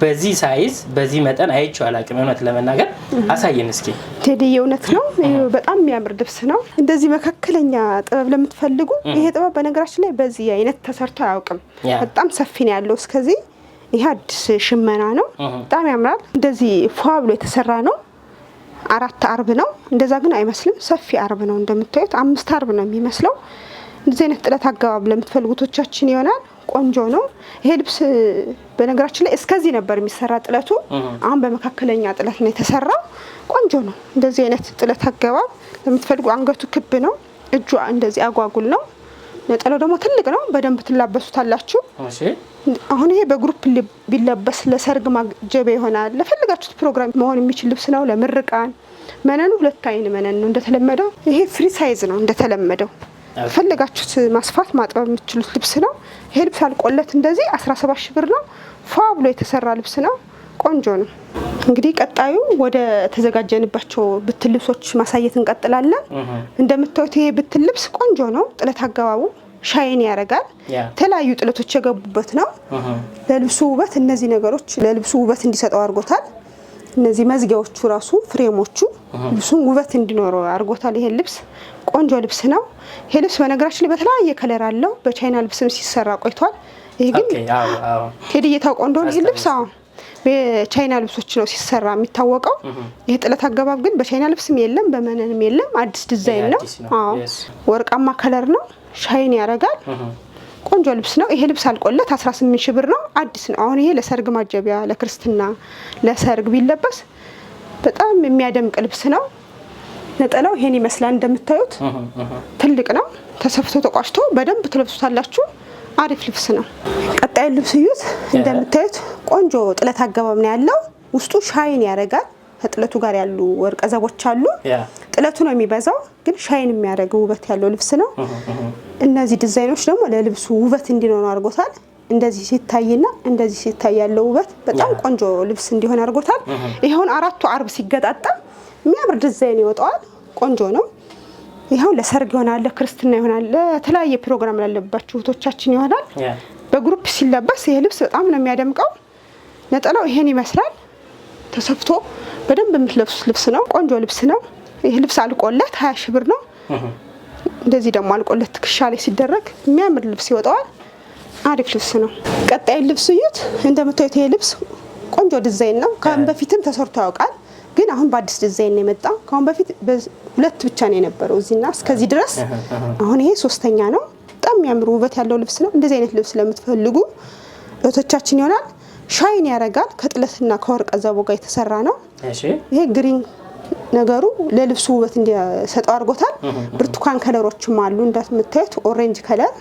በዚህ ሳይዝ በዚህ መጠን አይቼው አላውቅም። እውነት ለመናገር አሳየን እስኪ ቴዲ። እውነት ነው፣ በጣም የሚያምር ልብስ ነው። እንደዚህ መካከለኛ ጥበብ ለምትፈልጉ ይሄ ጥበብ በነገራችን ላይ በዚህ አይነት ተሰርቶ አያውቅም። በጣም ሰፊ ነው ያለው እስከዚህ። ይህ አዲስ ሽመና ነው፣ በጣም ያምራል። እንደዚህ ፏ ብሎ የተሰራ ነው። አራት አርብ ነው፣ እንደዛ ግን አይመስልም። ሰፊ አርብ ነው እንደምታዩት፣ አምስት አርብ ነው የሚመስለው። እንደዚህ አይነት ጥለት አገባብ ለምትፈልጉቶቻችን ይሆናል። ቆንጆ ነው ይሄ ልብስ። በነገራችን ላይ እስከዚህ ነበር የሚሰራ ጥለቱ። አሁን በመካከለኛ ጥለት ነው የተሰራው። ቆንጆ ነው። እንደዚህ አይነት ጥለት አገባብ ለምትፈልጉ። አንገቱ ክብ ነው፣ እጇ እንደዚህ አጓጉል ነው። ነጠላው ደግሞ ትልቅ ነው። በደንብ ትላበሱታላችሁ። አሁን ይሄ በግሩፕ ቢለበስ ለሰርግ ማጀቢያ ይሆናል። ለፈልጋችሁት ፕሮግራም መሆን የሚችል ልብስ ነው። ለምርቃን መነኑ ሁለት አይን መነን ነው እንደተለመደው። ይሄ ፍሪ ሳይዝ ነው እንደተለመደው ፈለጋችሁት ማስፋት ማጥበብ የምትችሉት ልብስ ነው። ይሄ ልብስ አልቆለት እንደዚህ 17 ሺህ ብር ነው። ፏ ብሎ የተሰራ ልብስ ነው። ቆንጆ ነው። እንግዲህ ቀጣዩ ወደ ተዘጋጀንባቸው ብትን ልብሶች ማሳየት እንቀጥላለን። እንደምታዩት ይሄ ብትል ልብስ ቆንጆ ነው። ጥለት አገባቡ ሻይን ያደርጋል። የተለያዩ ጥለቶች የገቡበት ነው። ለልብሱ ውበት እነዚህ ነገሮች ለልብሱ ውበት እንዲሰጠው አድርጎታል። እነዚህ መዝጊያዎቹ ራሱ ፍሬሞቹ ልብሱን ውበት እንዲኖረው አድርጎታል። ይሄን ልብስ ቆንጆ ልብስ ነው። ይሄ ልብስ በነገራችን ላይ በተለያየ ከለር አለው። በቻይና ልብስም ሲሰራ ቆይቷል። ይሄ ግን ሄድዬ ቆንጆ ነው። ይሄ ልብስ አሁን በቻይና ልብሶች ነው ሲሰራ የሚታወቀው። ይህ ጥለት አገባብ ግን በቻይና ልብስም የለም በመነንም የለም። አዲስ ዲዛይን ነው። አዎ ወርቃማ ከለር ነው። ሻይን ያደርጋል። ቆንጆ ልብስ ነው። ይሄ ልብስ አልቆለት 18 ሺ ብር ነው። አዲስ ነው። አሁን ይሄ ለሰርግ ማጀቢያ፣ ለክርስትና፣ ለሰርግ ቢለበስ በጣም የሚያደምቅ ልብስ ነው። ነጠላው ይሄን ይመስላል እንደምታዩት ትልቅ ነው። ተሰፍቶ ተቋጭቶ በደንብ ትለብሱታላችሁ። አሪፍ ልብስ ነው። ቀጣይ ልብስ እዩት። እንደምታዩት ቆንጆ ጥለት አገባብ ነው ያለው። ውስጡ ሻይን ያደርጋል። ከጥለቱ ጋር ያሉ ወርቀ ዘቦች አሉ። ጥለቱ ነው የሚበዛው፣ ግን ሻይን የሚያደርግ ውበት ያለው ልብስ ነው። እነዚህ ዲዛይኖች ደግሞ ለልብሱ ውበት እንዲኖረው አድርጎታል። እንደዚህ ሲታይና እንደዚህ ሲታይ ያለው ውበት በጣም ቆንጆ ልብስ እንዲሆን አድርጎታል። ይኸውን አራቱ አርብ ሲገጣጠም የሚያምር ዲዛይን ይወጣዋል። ቆንጆ ነው። ይኸው ለሰርግ ይሆናል፣ ለክርስትና ይሆናል፣ ለተለያየ ፕሮግራም ላለባችሁ እህቶቻችን ይሆናል። በግሩፕ ሲለበስ ይህ ልብስ በጣም ነው የሚያደምቀው። ነጠላው ይሄን ይመስላል። ተሰፍቶ በደንብ የምትለብሱት ልብስ ነው። ቆንጆ ልብስ ነው። ይህ ልብስ አልቆለት ሀያ ሺህ ብር ነው። እንደዚህ ደግሞ አልቆለት ትከሻ ላይ ሲደረግ የሚያምር ልብስ ይወጣዋል። አሪፍ ልብስ ነው። ቀጣይ ልብስ እዩት። እንደምታዩት ይሄ ልብስ ቆንጆ ዲዛይን ነው። ከም በፊትም ተሰርቶ ያውቃል። ግን አሁን በአዲስ ዲዛይን የመጣ ከአሁን በፊት ሁለት ብቻ ነው የነበረው እዚህና እስከዚህ ድረስ። አሁን ይሄ ሶስተኛ ነው። በጣም የሚያምር ውበት ያለው ልብስ ነው። እንደዚህ አይነት ልብስ ለምትፈልጉ እህቶቻችን ይሆናል። ሻይን ያረጋል። ከጥለትና ከወርቀ ዘቦ ጋር የተሰራ ነው። ይሄ ግሪን ነገሩ ለልብሱ ውበት እንዲሰጠው አድርጎታል። ብርቱካን ከለሮችም አሉ እንደምታዩት ኦሬንጅ ከለር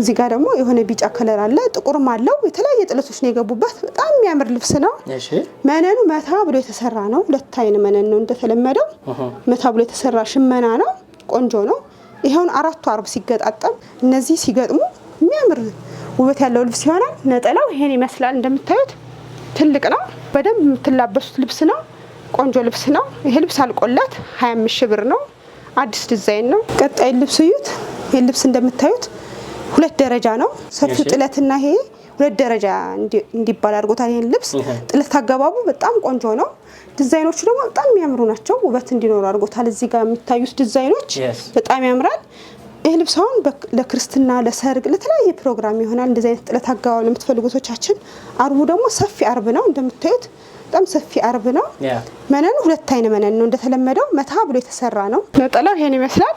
እዚህ ጋር ደግሞ የሆነ ቢጫ ከለር አለ፣ ጥቁርም አለው። የተለያየ ጥለቶች ነው የገቡበት። በጣም የሚያምር ልብስ ነው። መነኑ መታ ብሎ የተሰራ ነው። ሁለት አይን መነን ነው እንደተለመደው፣ መታ ብሎ የተሰራ ሽመና ነው። ቆንጆ ነው። ይኸውን አራቱ አርብ ሲገጣጠም እነዚህ ሲገጥሙ የሚያምር ውበት ያለው ልብስ ይሆናል። ነጠላው ይሄን ይመስላል። እንደምታዩት ትልቅ ነው። በደንብ የምትላበሱት ልብስ ነው። ቆንጆ ልብስ ነው። ይሄ ልብስ አልቆላት 25 ሺህ ብር ነው። አዲስ ዲዛይን ነው። ቀጣይ ልብስ እዩት። ይሄ ልብስ እንደምታዩት ሁለት ደረጃ ነው ሰፊው ጥለትና ይሄ ሁለት ደረጃ እንዲባል አድርጎታል። ይህን ልብስ ጥለት አገባቡ በጣም ቆንጆ ነው። ዲዛይኖቹ ደግሞ በጣም የሚያምሩ ናቸው። ውበት እንዲኖሩ አድርጎታል። እዚህ ጋር የሚታዩት ዲዛይኖች በጣም ያምራል። ይህ ልብስ አሁን ለክርስትና፣ ለሰርግ፣ ለተለያየ ፕሮግራም ይሆናል። እንደዚህ አይነት ጥለት አገባብ ለምትፈልጉ አርቡ ደግሞ ሰፊ አርብ ነው እንደምታዩት በጣም ሰፊ አርብ ነው። መነኑ ሁለት አይነ መነን ነው እንደተለመደው መታ ብሎ የተሰራ ነው። ነጠላው ይሄን ይመስላል።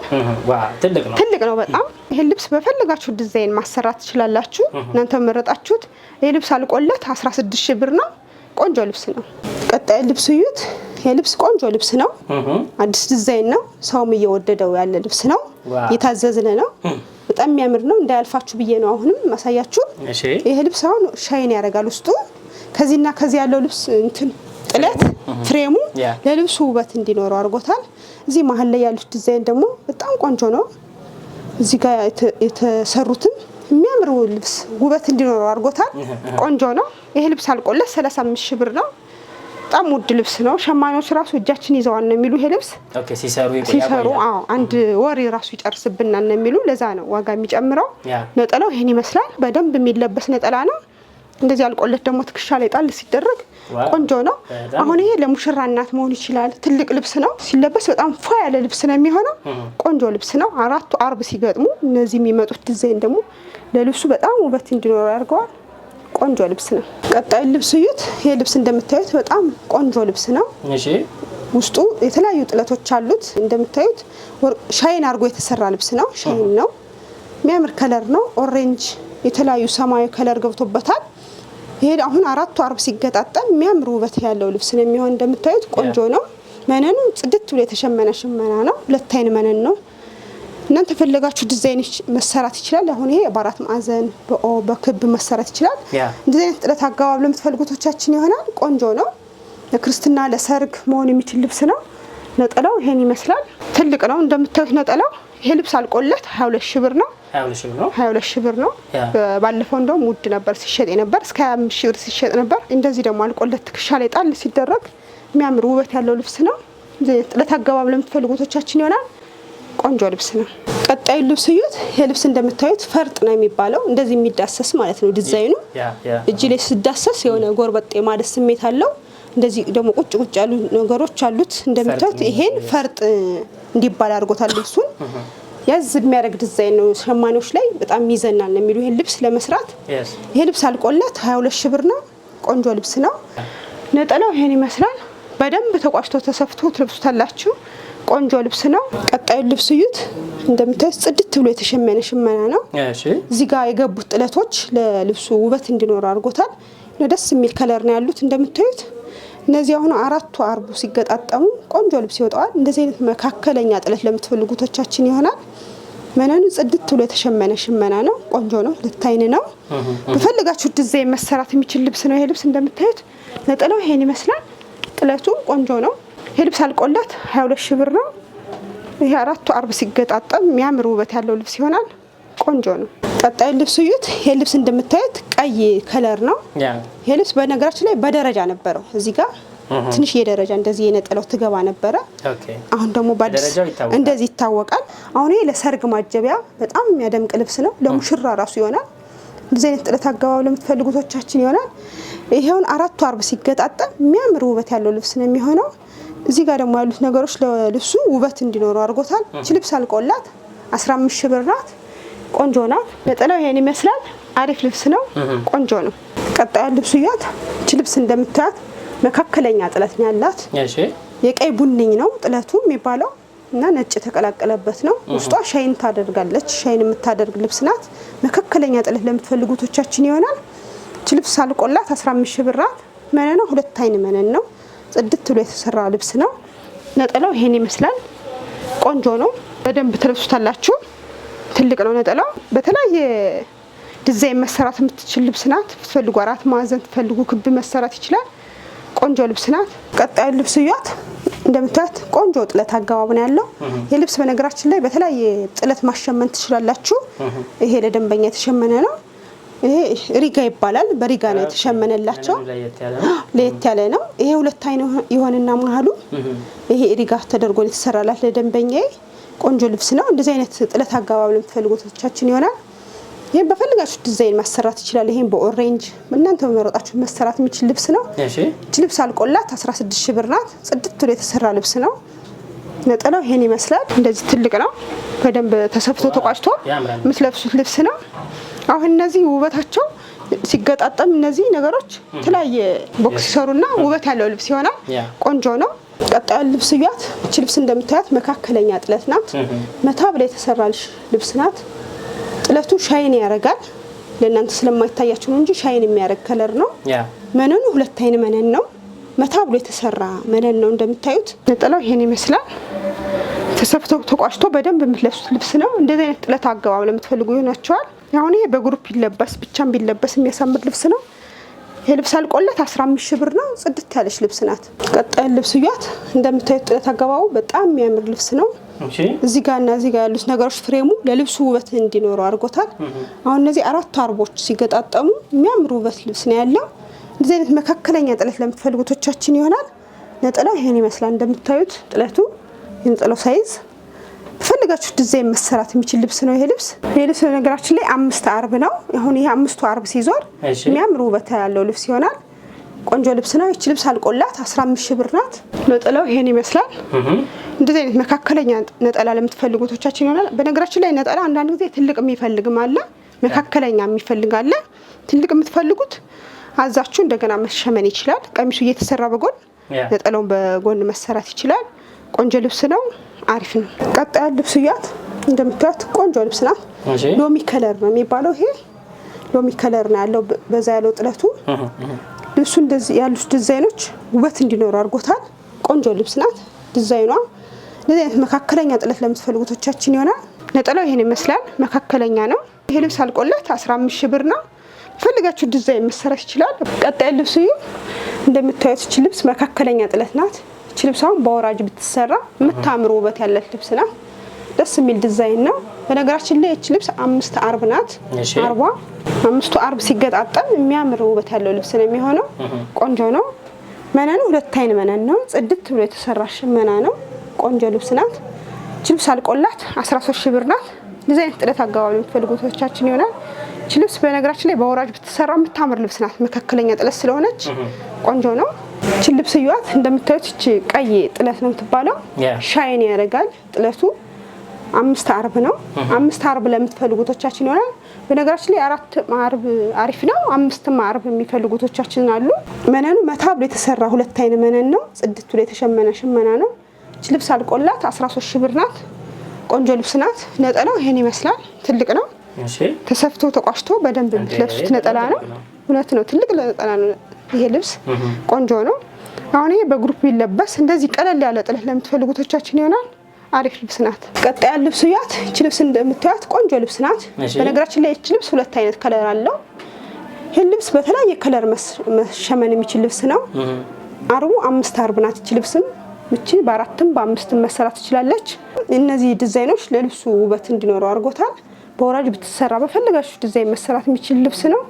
ትልቅ ነው በጣም። ይሄን ልብስ በፈለጋችሁ ዲዛይን ማሰራት ትችላላችሁ። እናንተ መረጣችሁት። ይሄ ልብስ አልቆለት 16 ሺህ ብር ነው። ቆንጆ ልብስ ነው። ቀጣይ ልብስ እዩት። የልብስ ቆንጆ ልብስ ነው። አዲስ ዲዛይን ነው። ሰውም እየወደደው ያለ ልብስ ነው። እየታዘዝን ነው። በጣም የሚያምር ነው። እንዳያልፋችሁ ብዬ ነው አሁንም ማሳያችሁ። ይሄ ልብስ አሁን ሻይን ያደርጋል ውስጡ ከዚህና ከዚህ ያለው ልብስ እንትን ጥለት ፍሬሙ ለልብሱ ውበት እንዲኖረው አድርጎታል። እዚህ መሀል ላይ ያሉት ዲዛይን ደግሞ በጣም ቆንጆ ነው። እዚህ ጋር የተሰሩትም የሚያምር ልብስ ውበት እንዲኖረው አድርጎታል። ቆንጆ ነው። ይሄ ልብስ አልቆለት ሰላሳ አምስት ሺህ ብር ነው። በጣም ውድ ልብስ ነው። ሸማኔዎች ራሱ እጃችን ይዘዋል ነው የሚሉ ይሄ ልብስ ሲሰሩ አንድ ወር ራሱ ይጨርስብናል ነው የሚሉ። ለዛ ነው ዋጋ የሚጨምረው። ነጠላው ይሄን ይመስላል። በደንብ የሚለበስ ነጠላ ነው። እንደዚህ አልቆለት ደግሞ ትከሻ ላይ ጣል ሲደረግ ቆንጆ ነው። አሁን ይሄ ለሙሽራ እናት መሆን ይችላል። ትልቅ ልብስ ነው። ሲለበስ በጣም ፏ ያለ ልብስ ነው የሚሆነው። ቆንጆ ልብስ ነው። አራቱ አርብ ሲገጥሙ እነዚህ የሚመጡት ዲዛይን ደግሞ ለልብሱ በጣም ውበት እንዲኖረው ያደርገዋል። ቆንጆ ልብስ ነው። ቀጣዩ ልብስ እዩት። ይሄ ልብስ እንደምታዩት በጣም ቆንጆ ልብስ ነው። ውስጡ የተለያዩ ጥለቶች አሉት። እንደምታዩት ሻይን አድርጎ የተሰራ ልብስ ነው። ሻይን ነው። የሚያምር ከለር ነው። ኦሬንጅ፣ የተለያዩ ሰማያዊ ከለር ገብቶበታል። ይሄ አሁን አራቱ አርብ ሲገጣጠም የሚያምር ውበት ያለው ልብስ ነው የሚሆን። እንደምታዩት ቆንጆ ነው። መነኑ ጽድት ብሎ የተሸመነ ሽመና ነው። ሁለት አይን መነን ነው። እናንተ ፈለጋችሁ ዲዛይን መሰራት ይችላል። አሁን ይሄ በአራት ማዕዘን በኦ በክብ መሰራት ይችላል። እንደዚህ አይነት ጥለት ለምትፈልጉቶቻችን ይሆናል። ቆንጆ ነው። ለክርስትና ለሰርግ መሆን የሚችል ልብስ ነው። ነጠላው ይሄን ይመስላል። ትልቅ ነው እንደምታዩት ነጠላው። ይሄ ልብስ አልቆለት 22 ሺ ብር ነው። 22 ሺህ ብር ነው። ባለፈው እንደውም ውድ ነበር ሲሸጥ ነበር፣ እስከ 25 ሺህ ብር ሲሸጥ ነበር። እንደዚህ ደግሞ አልቆለት ትከሻ ላይ ጣል ሲደረግ የሚያምር ውበት ያለው ልብስ ነው። ጥለት አገባብ ለምትፈልጉ ቶቻችን ይሆናል። ቆንጆ ልብስ ነው። ቀጣዩ ልብስ እዩት። ይህ ልብስ እንደምታዩት ፈርጥ ነው የሚባለው እንደዚህ የሚዳሰስ ማለት ነው። ዲዛይኑ እጅ ላይ ሲዳሰስ የሆነ ጎርበጥ የማደስ ስሜት አለው። እንደዚህ ደግሞ ቁጭ ቁጭ ያሉ ነገሮች አሉት። እንደምታዩት ይሄን ፈርጥ እንዲባል አድርጎታል ልብሱን ያዝ የሚያደርግ ዲዛይን ነው። ሸማኔዎች ላይ በጣም ይዘናል ነው የሚሉ ይህን ልብስ ለመስራት ይህ ልብስ አልቆለት 22 ሺህ ብር ነው። ቆንጆ ልብስ ነው። ነጠላው ይሄን ይመስላል። በደንብ ተቋጭቶ ተሰፍቶ ትለብሱታላችሁ። ቆንጆ ልብስ ነው። ቀጣዩን ልብስ እዩት። እንደምታዩት ጽድት ብሎ የተሸመነ ሽመና ነው። እዚህ ጋር የገቡት ጥለቶች ለልብሱ ውበት እንዲኖር አድርጎታል። ደስ የሚል ከለር ነው ያሉት እንደምታዩት እነዚህ አሁን አራቱ አርቡ ሲገጣጠሙ ቆንጆ ልብስ ይወጣዋል። እንደዚህ አይነት መካከለኛ ጥለት ለምትፈልጉቶቻችን ይሆናል። መነኑ ጽድት ብሎ የተሸመነ ሽመና ነው። ቆንጆ ነው። ልታይን ነው። በፈልጋችሁ ዲዛይን መሰራት የሚችል ልብስ ነው። ይሄ ልብስ እንደምታዩት ነጠላው ይሄን ይመስላል። ጥለቱ ቆንጆ ነው። ይሄ ልብስ አልቆላት 22 ሺ ብር ነው። ይሄ አራቱ አርብ ሲገጣጠም የሚያምር ውበት ያለው ልብስ ይሆናል። ቆንጆ ነው። ቀጣዩ ልብስ እዩት። ይሄ ልብስ እንደምታዩት ቀይ ከለር ነው። ይሄ ልብስ በነገራችን ላይ በደረጃ ነበረው እዚህ ጋር ትንሽ ደረጃ እንደዚህ የነጠለው ትገባ ነበረ። አሁን ደግሞ በአዲስ እንደዚህ ይታወቃል። አሁን ይሄ ለሰርግ ማጀቢያ በጣም የሚያደምቅ ልብስ ነው። ለሙሽራ ራሱ ይሆናል። እንደዚህ አይነት ጥለት አገባብ ለምትፈልጉቶቻችን ይሆናል። ይሄውን አራቱ አርብ ሲገጣጠም የሚያምር ውበት ያለው ልብስ ነው የሚሆነው። እዚህ ጋር ደግሞ ያሉት ነገሮች ለልብሱ ውበት እንዲኖረው አድርጎታል። ች ልብስ አልቆላት 15 ሺህ ብር ናት። ቆንጆ ናት። ነጠላው ይሄን ይመስላል። አሪፍ ልብስ ነው። ቆንጆ ነው። ቀጣዩ ልብሱ ያት ች ልብስ እንደምታያት መካከለኛ ጥለት ነው ያላት። የቀይ ቡኒኝ ነው ጥለቱ የሚባለው እና ነጭ የተቀላቀለበት ነው። ውስጧ ሻይን ታደርጋለች። ሻይን የምታደርግ ልብስ ናት። መካከለኛ ጥለት ለምትፈልጉቶቻችን ይሆናል። ች ልብስ አልቆላት 15 ሺህ ብር። መነኗ ሁለት አይን መነን ነው። ጽድት ብሎ የተሰራ ልብስ ነው። ነጠላው ይሄን ይመስላል። ቆንጆ ነው። በደንብ ትለብሱታላችሁ። ትልቅ ነው ነጠላው። በተለያየ ዲዛይን መሰራት የምትችል ልብስ ናት። ብትፈልጉ አራት ማዕዘን፣ ትፈልጉ ክብ መሰራት ይችላል። ቆንጆ ልብስ ናት። ቀጣዩ ልብስ እያት እንደምታዩት ቆንጆ ጥለት አገባብ ነው ያለው። ልብስ በነገራችን ላይ በተለያየ ጥለት ማሸመን ትችላላችሁ። ይሄ ለደንበኛ የተሸመነ ነው። ይሄ ሪጋ ይባላል። በሪጋ ነው የተሸመነላቸው። ለየት ያለ ነው። ይሄ ሁለት አይን የሆነና መሀሉ ይሄ ሪጋ ተደርጎ የተሰራላት ለደንበኛ ቆንጆ ልብስ ነው። እንደዚህ አይነት ጥለት አገባብ ለምትፈልጉቶቻችን ይሆናል። ይህን በፈልጋችሁ ዲዛይን ማሰራት ይችላል። ይሄን በኦሬንጅ እናንተ በመረጣችሁ መሰራት የሚችል ልብስ ነው። እቺ ልብስ አልቆላት 16 ሺ ብር ናት። ጽድት ብሎ የተሰራ ልብስ ነው። ነጠላው ይሄን ይመስላል። እንደዚህ ትልቅ ነው። በደንብ ተሰፍቶ ተቋጭቶ የምትለብሱት ልብስ ነው። አሁን እነዚህ ውበታቸው ሲገጣጠም እነዚህ ነገሮች የተለያየ ቦክስ ሲሰሩና ውበት ያለው ልብስ ይሆናል። ቆንጆ ነው። ቀጣዩ ልብስ እያት። እቺ ልብስ እንደምታያት መካከለኛ ጥለት ናት። መታ ብላ የተሰራልሽ ልብስ ናት። ጥለቱ ሻይን ያደርጋል። ለእናንተ ስለማይታያቸው ነው እንጂ ሻይን የሚያደርግ ከለር ነው። መነኑ ሁለት አይን መነን ነው። መታ ብሎ የተሰራ መነን ነው። እንደምታዩት ነጠላው ይሄን ይመስላል። ተሰፍቶ ተቋጭቶ በደንብ የምትለብሱት ልብስ ነው። እንደዚህ አይነት ጥለት አገባብ ለምትፈልጉ ይሆናቸዋል። አሁን ይሄ በግሩፕ ይለበስ ብቻም ቢለበስ የሚያሳምር ልብስ ነው። ይሄ ልብስ አልቆለት 15 ሺህ ብር ነው። ጽድት ያለች ልብስ ናት። ቀጣዩን ልብስ እዩት። እንደምታዩት ጥለት አገባቡ በጣም የሚያምር ልብስ ነው። እዚህ ጋር እና እዚህ ጋር ያሉት ነገሮች ፍሬሙ ለልብሱ ውበት እንዲኖረው አድርጎታል። አሁን እነዚህ አራቱ አርቦች ሲገጣጠሙ የሚያምር ውበት ልብስ ነው ያለው። እንደዚህ አይነት መካከለኛ ጥለት ለምትፈልጉቶቻችን ይሆናል። ነጠላው ይሄን ይመስላል እንደምታዩት ጥለቱ የነጠላው ሳይዝ ፈልጋችሁ ዲዛይን መሰራት የሚችል ልብስ ነው ይሄ ልብስ። ይሄ ልብስ ነገራችን ላይ አምስት አርብ ነው። አሁን ይሄ አምስቱ አርብ ሲዞር የሚያምር ውበት ያለው ልብስ ይሆናል። ቆንጆ ልብስ ነው። ይቺ ልብስ አልቆላት 15 ሺህ ብር ናት። ነጠላው ይሄን ይመስላል። እንደዚህ አይነት መካከለኛ ነጠላ ለምትፈልጉ እህቶቻችን ይሆናል። በነገራችን ላይ ነጠላ አንዳንድ ጊዜ ትልቅ የሚፈልግም አለ፣ መካከለኛ የሚፈልግ አለ። ትልቅ የምትፈልጉት አዛችሁ እንደገና መሸመን ይችላል። ቀሚሱ እየተሰራ በጎን ነጠላውን በጎን መሰራት ይችላል። ቆንጆ ልብስ ነው፣ አሪፍ ነው። ቀጣያ ልብስ እያት እንደምታዩት ቆንጆ ልብስ ናት። ሎሚ ከለር ነው የሚባለው ይሄ ሎሚ ከለር ነው ያለው። በዛ ያለው ጥለቱ ልብሱ እንደዚህ ያሉት ዲዛይኖች ውበት እንዲኖሩ አድርጎታል። ቆንጆ ልብስ ናት ዲዛይኗ እንደዚህ አይነት መካከለኛ ጥለት ለምትፈልጉቶቻችን ይሆናል። ነጠላው ይሄን ይመስላል፣ መካከለኛ ነው። ይሄ ልብስ አልቆለት 15 ሺህ ብር ነው። ፈልጋችሁ ዲዛይን መሰራት ይችላል። ቀጣይ ልብስ እዩ። እንደምታዩት እቺ ልብስ መካከለኛ ጥለት ናት። እቺ ልብስ አሁን በወራጅ ብትሰራ የምታምር ውበት ያለት ልብስ ናት። ደስ የሚል ዲዛይን ነው። በነገራችን ላይ እቺ ልብስ አምስት አርብ ናት። አርቧ አምስቱ አርብ ሲገጣጠም የሚያምር ውበት ያለው ልብስ ነው የሚሆነው። ቆንጆ ነው። መነኑ ሁለት አይን መነን ነው። ጽድት ብሎ የተሰራ ሽመና ነው። ቆንጆ ልብስ ናት። እች ልብስ አልቆላት 13 ሺህ ብር ናት። እንደዚህ አይነት ጥለት አገባብ የምትፈልጉ ቶቻችን ይሆናል። እች ልብስ በነገራችን ላይ በወራጅ ብትሰራ የምታምር ልብስ ናት። መካከለኛ ጥለት ስለሆነች ቆንጆ ነው። እችን ልብስ እዩዋት። እንደምታዩት እች ቀይ ጥለት ነው የምትባለው። ሻይን ያደርጋል ጥለቱ። አምስት አርብ ነው። አምስት አርብ ለምትፈልጉ ይሆናል። በነገራችን ላይ አራት ማርብ አሪፍ ነው። አምስት ማርብ የሚፈልጉ ቶቻችን አሉ። መነኑ መታ ብሎ የተሰራ ሁለት አይን መነን ነው። ጽድቱ ብሎ የተሸመነ ሽመና ነው። ልብስ አልቆላት 13 ሺህ ብር ናት። ቆንጆ ልብስ ናት። ነጠላው ይሄን ይመስላል። ትልቅ ነው። ተሰፍቶ ተቋሽቶ በደንብ የምትለብሱት ነጠላ ነው። እውነት ነው። ትልቅ ነጠላ ነው። ይሄ ልብስ ቆንጆ ነው። አሁን ይሄ በግሩፕ ቢለበስ እንደዚህ ቀለል ያለ ጥለት ለምትፈልጉቶቻችን ይሆናል። አሪፍ ልብስ ናት። ቀጣይ ልብሱ ያት እቺ ልብስ እንደምታዩት ቆንጆ ልብስ ናት። በነገራችን ላይ እቺ ልብስ ሁለት አይነት ከለር አለው። ይህን ልብስ በተለያየ ከለር መሸመን የሚችል ልብስ ነው። አርቡ አምስት አርብ ናት። እቺ ልብስም ምቺ በአራትም በአምስትም መሰራት ትችላለች። እነዚህ ዲዛይኖች ለልብሱ ውበት እንዲኖረው አድርጎታል። በወራጅ ብትሰራ በፈለጋችሁ ዲዛይን መሰራት የሚችል ልብስ ነው።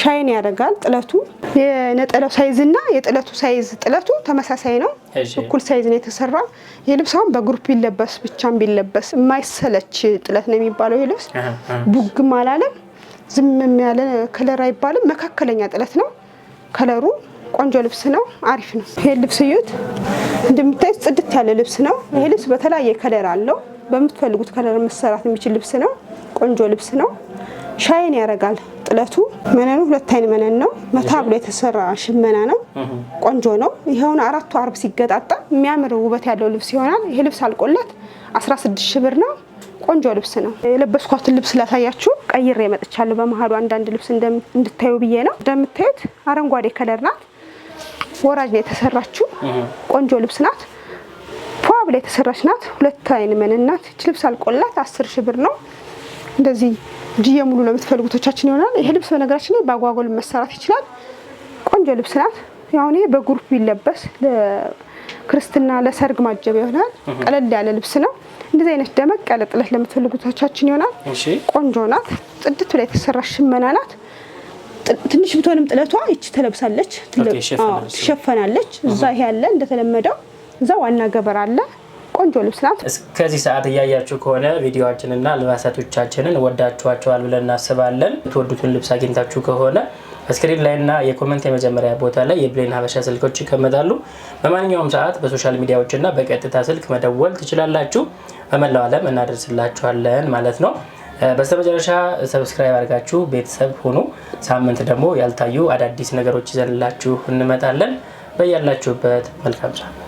ሻይን ያደርጋል። ጥለቱ የነጠላው ሳይዝ እና የጥለቱ ሳይዝ ጥለቱ ተመሳሳይ ነው። እኩል ሳይዝ ነው የተሰራ። ይህ ልብስ አሁን በግሩፕ ቢለበስ ብቻም ቢለበስ የማይሰለች ጥለት ነው የሚባለው። ይህ ልብስ ቡግም አላለም፣ ዝም ያለ ከለር አይባልም። መካከለኛ ጥለት ነው ከለሩ ቆንጆ ልብስ ነው። አሪፍ ነው። ይሄ ልብስ እዩት። እንደምታዩት ጽድት ያለ ልብስ ነው። ይሄ ልብስ በተለያየ ከለር አለው። በምትፈልጉት ከለር መሰራት የሚችል ልብስ ነው። ቆንጆ ልብስ ነው። ሻይን ያደርጋል። ጥለቱ መነኑ ሁለት አይን መነን ነው። መታ ብሎ የተሰራ ሽመና ነው። ቆንጆ ነው። ይኸውን አራቱ አርብ ሲገጣጠም የሚያምር ውበት ያለው ልብስ ይሆናል። ይሄ ልብስ አልቆለት 16 ሺህ ብር ነው። ቆንጆ ልብስ ነው። የለበስኳትን ልብስ ላሳያችሁ ቀይሬ መጥቻለሁ። በመሀሉ አንዳንድ ልብስ እንድታዩ ብዬ ነው። እንደምታዩት አረንጓዴ ከለር ናት። ወራጅ ላይ የተሰራችው ቆንጆ ልብስ ናት። ፏብ ላይ የተሰራች ናት። ሁለት አይን መንናት ናት። ልብስ አልቆላት አስር ሺህ ብር ነው። እንደዚህ ጅየ ሙሉ ለምትፈልጉቶቻችን ይሆናል። ይሄ ልብስ በነገራችን ላይ በአጓጉል መሰራት ይችላል። ቆንጆ ልብስ ናት። ያሁን በግሩፕ ቢለበስ ለክርስትና ለሰርግ ማጀብ ይሆናል። ቀለል ያለ ልብስ ነው። እንደዚህ አይነት ደመቅ ያለ ጥለት ለምትፈልጉቶቻችን ይሆናል። ቆንጆ ናት። ጽድት ብላ የተሰራች ሽመና ናት። ትንሽ ብትሆንም ጥለቷ ይች ተለብሳለች፣ ትሸፈናለች። እዛ ይሄ ያለ እንደተለመደው እዛ ዋና ገበር አለ። ቆንጆ ልብስ ናት። እስከዚህ ሰዓት እያያችሁ ከሆነ ቪዲዮችንና አልባሳቶቻችንን ወዳችኋቸዋል ብለን እናስባለን። የምትወዱትን ልብስ አግኝታችሁ ከሆነ ስክሪን ላይ እና የኮመንት የመጀመሪያ ቦታ ላይ የብሌን ሀበሻ ስልኮች ይቀመጣሉ። በማንኛውም ሰዓት በሶሻል ሚዲያዎችና በቀጥታ ስልክ መደወል ትችላላችሁ። በመላው ዓለም እናደርስላችኋለን ማለት ነው። በስተመጨረሻ ሰብስክራይብ አድርጋችሁ ቤተሰብ ሁኑ። ሳምንት ደግሞ ያልታዩ አዳዲስ ነገሮች ይዘንላችሁ እንመጣለን። በያላችሁበት መልካም